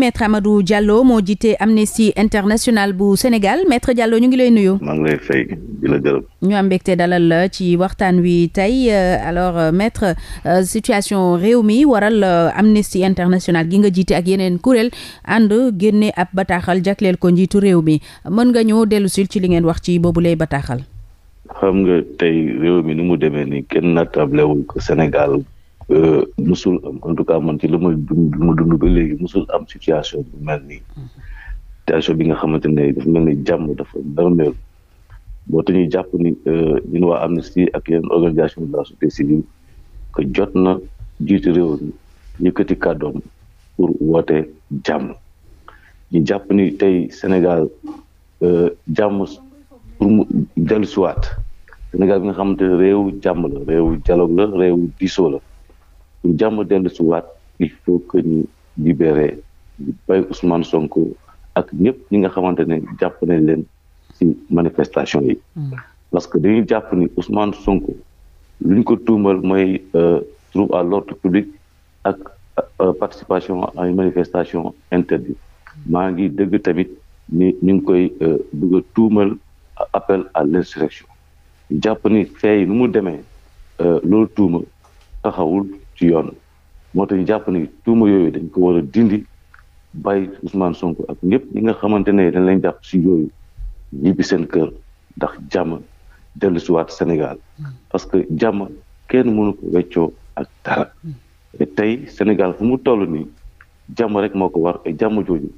maître Amadou Diallo moo jiite Amnesty International bu Sénégal maître Diallo ñu ngi lay nuyu. maa ngi lay fay ñu am mbégte dalal ci waxtaan wi tey euh, alors euh, maître euh, situation réew mi waral Amnesty International gi nga jiite ak yeneen kuréel ànd génne ab bataaxal jagleel ko njiitu réew mi mën nga ñëw dellu sil ci li ngeen wax ci boobu lay bataaxal. xam nga tey réew mi ni mu demee ni kenn nattablewul ko Sénégal. musul am en man ci lu ma dund ba léegi musul am situation bu bi nga xamante ne dafa mel ni jàmm dafa narmeelu boo te ñuy jàpp ni euh, ñun waa Amnesty ak yeneen organisation de la société civile jot na jiitu réew mi yëkkati kàddoom pour woote jàmm ñu jàpp ni tey Sénégal euh, jàmm pour mu dellusiwaat Sénégal bi nga xamante ne réewu jàmm la réewu dialogue la pour jàmm dellu si waat il faut que ñu libérer bay Ousmane Sonko ak ñëpp ñi nga xamante ne jàpp nañ leen ci manifestation yi. Hmm. parce que dañuy jàpp ni Ousmane Sonko lu ko tuumal mooy euh, trouble à l'ordre public ak euh, participation ay manifestation interdite maa ngi dëgg tamit ni ñu ngi koy euh, bëgg a tuumal appel à l'insurrection jàpp ni fay nu mu demee loolu tuuma taxawul. ci yoon moo tax ñu jàpp ni tuuma yooyu dañ ko war a dindi bàyyi Ousmane Sonko ak ñëpp ñi nga xamante ne dañ lañ jàpp si yooyu ñibbi seen kër ndax jàmm dellu si waat Sénégal parce que jàmm kenn mënu ko weccoo ak dara tey Sénégal fu mu toll nii jàmm rek moo ko war et jàmm jooju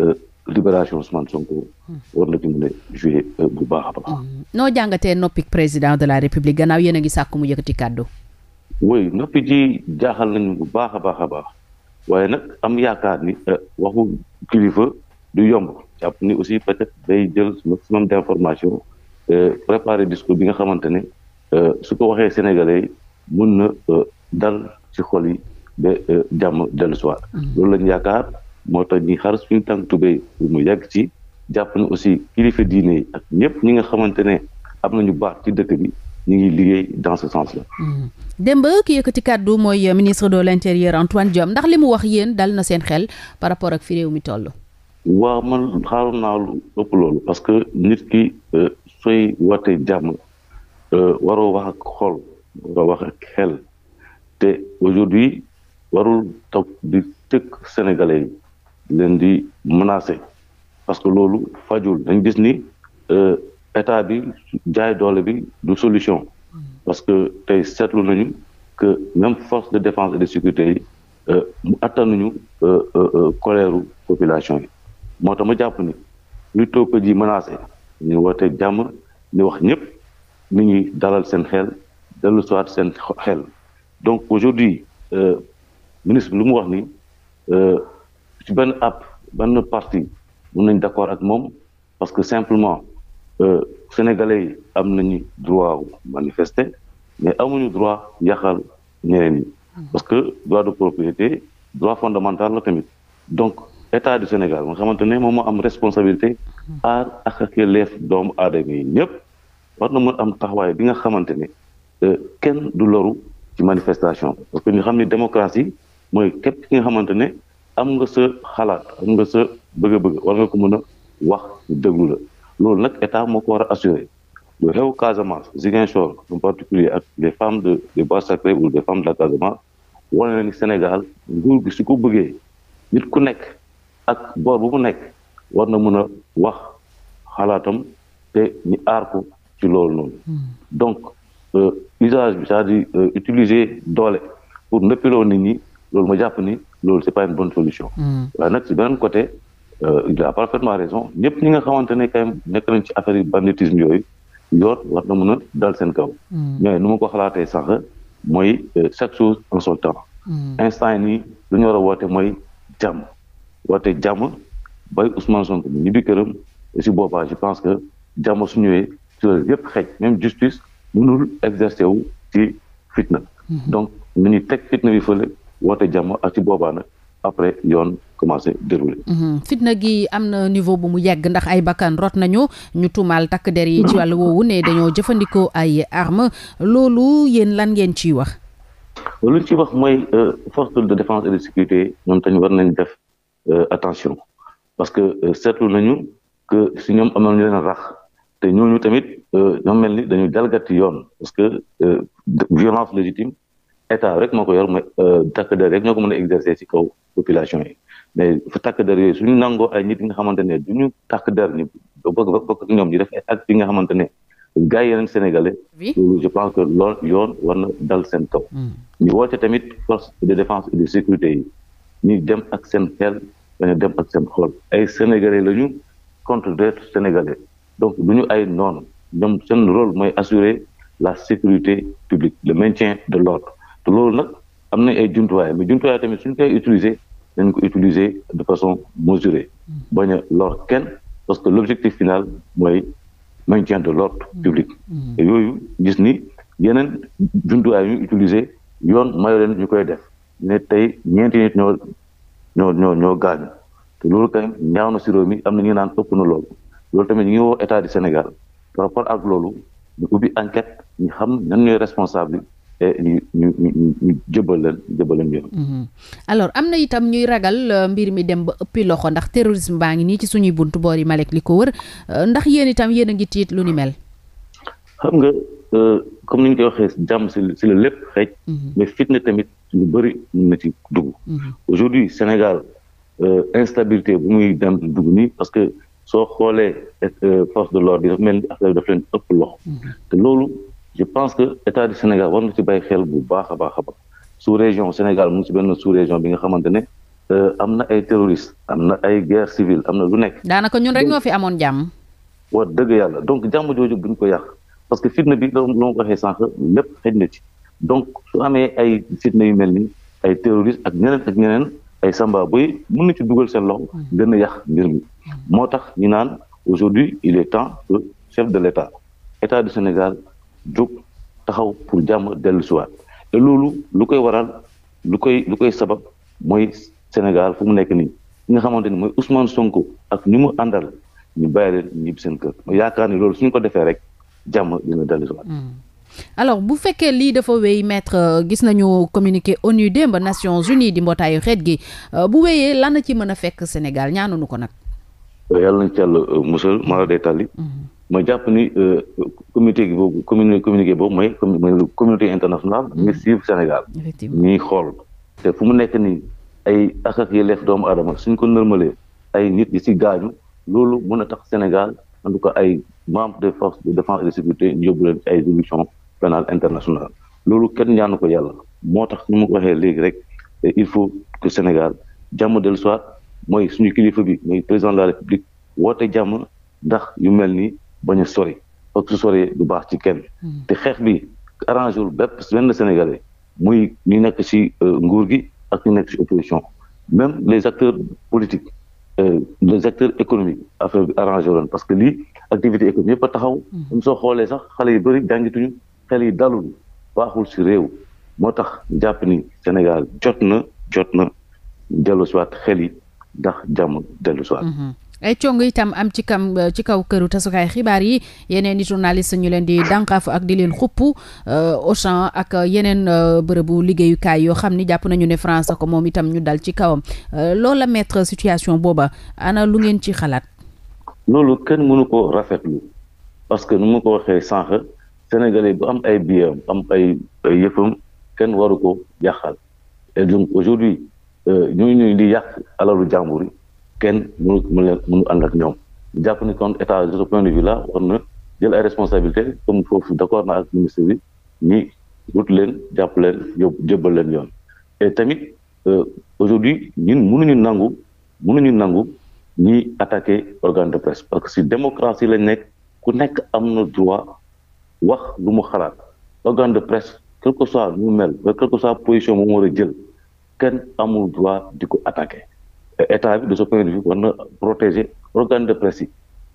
euh, libération Ousmane Sonko. war na ci mën a joué euh, bu baax a mm. noo jàngatee noppi président de la république gannaaw yéen a ngi sàkku mu yëkkati kàddu. woy noppi ji jaaxal nañu bu baax a baax a baax waaye nag am yaakaar ni euh, waxu kilifa du yomb jàpp ni aussi peut-être day jël maximum d'information euh, préparer discours bi nga xamante ne euh, su ko waxee sénégalais yi mun na dal ci xol yi ba jàmm dellu si mm-hmm. loolu lañ yaakaar moo tax ñi xar suñu tànk tubéy pour mu yàgg ci jàpp ne aussi kilifa diine yi ak ñëpp ñi nga xamante ne am ñu baax ci dëkk bi ñu ngi liggéey dans ce sens là. Hmm. démb ki yëkkati kàddu mooy euh, ministre de l' intérieur Antoine Diome ndax li mu wax yéen dal na seen xel par rapport ak fi réew mi toll. waaw man xaaroon naa lu ëpp loolu parce que nit ki euh, sooy wootee jàmm euh, waroo wax ak xol waroo wax ak xel te aujourd'hui warul toog di tëkk sénégalais yi leen di menacer parce que loolu fajul dañ gis ni. état bi jaay doole bi du solution parce que tey seetlu nañu que même force de défense et de sécurité yi euh, mu attanuñu euh, euh, colère population yi moo tax ma jàpp ni plutôt que di menacer ñu woote jàmm ñu wax ñëpp ni ñuy dalal seen xel dellu soit seen xel donc aujourd'hui ministre lu mu wax ni ci benn app benn parti mun nañ d'accord ak moom parce que simplement Euh, sénégalais yi am nañu droit manifester mais amuñu droit yàqal ñeneen ñi parce que droit de propriété droit fondamental la tamit donc état de Sénégal nga xamante ne moom moo am responsabilité aar ak ak leef doomu aadama yi ñëpp war na mën am taxawaay bi nga xamante ne euh, kenn du loru ci manifestation parce que ñu xam ne démocratie mooy képp ki nga xamante ne am nga sa xalaat am nga sa bëgg-bëgg war nga ko mën a wax déglu la lool nag état moo ko war a assurer lu xew Casamance Ziguinchor en particulier ak les femmes de des bois sacrés ou des femmes de la Casamance wane na ni Sénégal nguur gi su ko bëggee nit ku nekk ak boor bu mu nekk war na mën a wax xalaatam te ñu aar ko ci loolu noonu hmm. donc euh, usage bi cest à euh, utiliser doole pour nëppiloo nit ñi loolu ma jàpp ni loolu c'est pas une bonne solution hmm. waaye nag ci beneen côté Euh, il a parfaitement raison ñëpp ñi nga xamante ne kay nekk ci affaire yu banditisme yooyu yoon war na mën a dal seen kaw. Hmm. mais nu ma ko xalaatee sax mooy euh, chaque chose en son temps. Hmm. instant yi nii lu ñu a woote mooy jàmm woote jàmm bay Ousmane Sonko bi ñibbi këram si boobaa je pense que jàmm su ñëwee ci loolu yëpp xëj même justice mënul exercer wu ci fitna. Hmm. donc nañu teg fitna bi fële woote jàmm ak ci boobaa nag. après yoon commencé déroulé. Mhm. fitna gi am na niveau bu mu yegg ndax ay bakkan rot nañu ñu tuumaal takk der yi ci wàllu woowu ne dañoo jëfandikoo ay armes loolu yéen lan ngeen ciy wax. loolu ñu ciy wax mooy euh, force de défense et de sécurité ñoom tamit war nañu def euh, attention parce que euh, seetlu nañu que si ñoom am na ñu leen rax te ñooñu tamit ñoom mel ni dañu jalgati yoon parce que violence légitime. état rek moo ko yor mooy euh, takk der rek ñoo ko mën a exercer ci kaw population yi mais takk der yooyu suñu nangoo ay nit yi nga xamante ne du ñu takk der ñi bokk bokk ñoom ñu def ak yi nga xamante ne gars yi yeneen sénégalais je pense que loolu yoon war dal seen kaw hmm. ñu woote tamit force de défense et de sécurité yi dem ak seen xel dem ak seen xol ay sénégalais la ñu contre d'autres sénégalais donc du ñu ay noon ñoom seen rôle mooy assurer la sécurité publique le maintien de l'ordre loolu nag am nañ ay jumtuwaay mais jumtuwaay tamit suñ koy utiliser dañ ko utiliser de façon mesurée bañ a lor kenn parce que l'objectif final mooy maintien de l'ordre mm. public mm. yooyu gis ni yeneen jumtuwaay yu ñu utiliser yoon mayo leen ñu koy def ne tey ñeenti nit ñoo ñoo ñoo ñoo gaañu te loolu kañ ñaaw na si am na ñu naan ëpp na loolu loolu tamit ñu ngi woo état du Sénégal par rapport ak loolu ñu ubbi enquête ñu xam ñan ñooy responsable Eh, ñu ñu ñu ñu jëbal leen mhm. alors am na itam ñuy ragal euh, mbir mi dem ba ëppi loxo ndax terrorisme baa ngi nii ci suñuy bunt boo yi Malek li ko wër euh, ndax yéen itam yéen a ngi tiit lu ni mel. xam nga euh, comme ni koy waxee jàmm si si la lépp xëj. Mhm. mais fitna tamit lu bari mën na ci dugg. Mhm. aujourd'hui Sénégal instabilité bu muy dem dugg nii parce que soo xoolee force de l'ordre yi dafa mel ni affaire dafa leen ëpp loxo te loolu. je pense que état du Sénégal war na ci bàyyi xel bu baax a baax a baax sous région Sénégal mu ngi ci benn sous région bi nga xamante ne euh, am na ay terroristes am na ay guerre civile am na lu nekk. daanaka ñun rek ñoo fi amoon jàmm. waaw dëgg yàlla donc jàmm jooju buñ ko yàq parce que fitna bi loolu loo waxee sànq lépp xëj na ci donc su amee ay fitna yu mel ni ay terroristes ak ñeneen ak ñeneen ay samba boy mën na ci dugal seen loxo gën a yàq mbir moo tax ñu naan aujourd'hui il est temps que de l' état état du Sénégal. jóg taxaw pour jàmm dellu siwaat te loolu lu koy waral lu koy lu koy sabab mooy Sénégal fu mu nekk nii ki nga xamante ni mooy Ousmane Sonko ak ñu mu àndal ñu bàyyi leen ñib seen kër yaakaar ni loolu suñu ko defee rek jàmm dina dellu siwaat hmm. alors bu fekkee lii dafa wéy maître euh, gis nañu communiqué ONU démb Nations Unies di mbootaayu xeet gi euh, bu wéyee lan ci mën a fekk Sénégal ñaanuñu ko nag. yàlla na ci yàlla euh, musal mara day tàlli hmm. ma jàpp ni euh, comité gi boobu commune communiqué boobu mooy communauté internationale ñi mm-hmm. suivre Sénégal ñiy xool te fu mu nekk ni ay ak ak yelleef doomu aadama suñ ko nërmalee ay nit yi si gaañu loolu mën a tax Sénégal en tout ay membres des forces de défense et de sécurité ñu yóbbu ay solution pénale internationale loolu kenn ñaanu ko yàlla moo tax ñu ma ko waxee léegi rek il faut que Sénégal jàmm dellu soit mooy suñu kilifa bi mooy président de la République woote jàmm ndax yu mel nii bañ a sori ak su sori du baax ci kenn. Hmm. te xeex bi arrangé wul bépp benn Sénégalais muy ñu nekk ci euh, nguur gi ak ñu nekk ci opposition même les acteurs politiques euh, les acteurs économiques affaire bi arrangé wu parce que lii activité économique yëpp a taxaw. comme hmm. soo xoolee sax xale yu bëri jàngituñu xel yi dalul baaxul ci réew moo tax jàpp ni Sénégal jot na jot na dellusiwaat xel yi ndax jàmm dellusiwaat. Hmm. ay eh, cong itam am ci kam eh, ci kaw këru tasukaay xibaar yi yeneen i journaliste ñu leen di dànkaafu ak di leen xupp eh, Auchan ak yeneen bërëbu liggéeyukaay yoo xam ni jàpp nañu ne France ko moom itam ñu dal ci kawam loola mettre situation booba ana lu ngeen ci xalaat. loolu kenn mënu ko rafetlu parce que nu ma ko waxee sànq sénégalais bu am ay biyam am ay yëfam kenn waru ko yàqal et donc aujourd'hui ñooñu di yàq alalu jàmbur kenn mënu mënu ànd ak ñoom jàpp ni kon état de ce point de vue là na jël ay responsabilité comme foofu d'accord na ak ministre bi ñi wut leen jàpp leen yóbbu jébbal leen yoon et tamit euh, aujourd'hui ñun mënuñu nangu ñu nangu ñi attaqué organe de presse parce que si démocratie lañ nekk ku nekk am na droit wax lu mu xalaat organe de presse quel que soit ñu mel quel que soit position moom war jël kenn amul droit di ko attaqué état bi de ce point de vue war na protéger organe de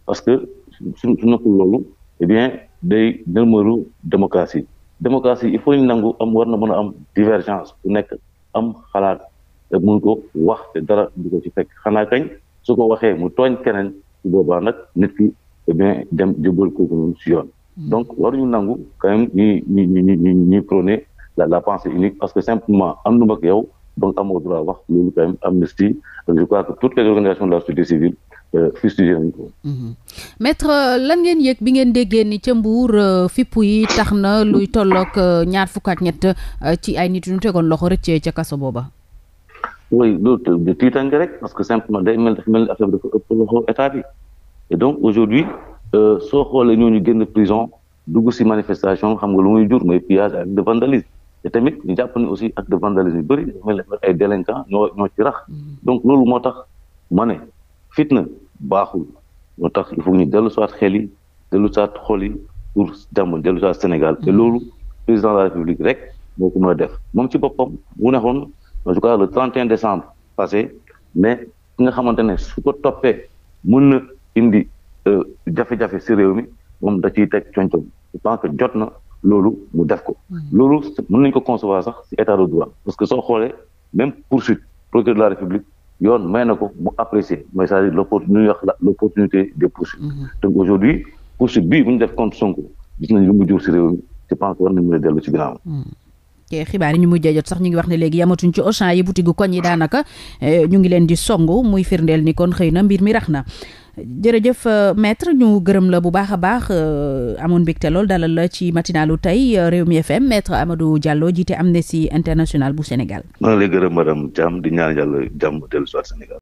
parce que su su nekkul loolu eh bien day dërmaru démocratie démocratie il faut ñu nangu am war na mën a am divergence ku nekk am xalaat te mun ko wax te dara du ko ci kañ su ko waxee mu tooñ keneen su boobaa nag nit ki eh dem jubal kooku noonu si yoon hmm. donc waruñu nangu quand même ñuy ñuy ñuy ñuy prôner la la pensée unique parce que simplement am nu mag yow donc amoo droit wax loolu quand même Amnesty je crois que toutes les organisations de la société civile euh, fustigé nañ mhm. euh, lan ngeen yëg bi ngeen déggee ni ca Mbour euh, fippu yi tax na luy tollook ñaar fukk ñett ci ay nit yu ñu tegoon loxo rëccee ca kaso booba. oui loolu de tiitange rek parce que simplement day mel dafa mel ni affaire bi dafa ëpp loxo état bi donc aujourd'hui soo xoolee ñooñu génn prison dugg si manifestation xam nga lu muy jur mooy pillage ak de vandalisme te tamit ñu jàpp ni aussi acte de vandalisme yu bëri mel ay délinquants ñoo ñoo ci rax donc loolu moo tax ma ne fitna baaxul moo tax il faut ñu dellu soit xel yi dellu soit xol yi pour jàmm dellu soit Sénégal te loolu président de la République rek moo ko mën a def moom ci boppam bu nekkoon en tout cas le 31 décembre passé mais ki nga xamante ne su ko toppee mën na indi euh, jafe-jafe si réew mi moom da ciy teg jot na loolu mu def ko. loolu mën nañu ko concevoir sax ci état de parce que soo xoolee même poursuite procureur de la république yoon may na ko mu apprécier mais c'est-à-dire l'opportunité l'opportunité des poursuites. Mm-hmm. donc aujourd'hui poursuite bii bu ñu def contre Sonko gis nañu lu mu jur ci réew mi je pense war nañu mën a dellu ci ginnaaw. te mm. xibaar yi ñu mujjee jot sax ñu ngi wax ne léegi yamatuñ ci Auchan yi boutique gu koñ yi daanaka eh, ñu ngi leen di songu muy firndeel ni kon xëy na mbir mi rax na. jërëjëf euh, maître ñu gërëm la bu baax a baax euh, amoon mbégte lool dalal la ci matinalu tey réew euh, Rewmi FM maître Amadou Diallo jiite Amnesty International bu Sénégal. maa ngi lay gërëm madame Thiam di ñaan yàlla jàmm dellu Sénégal.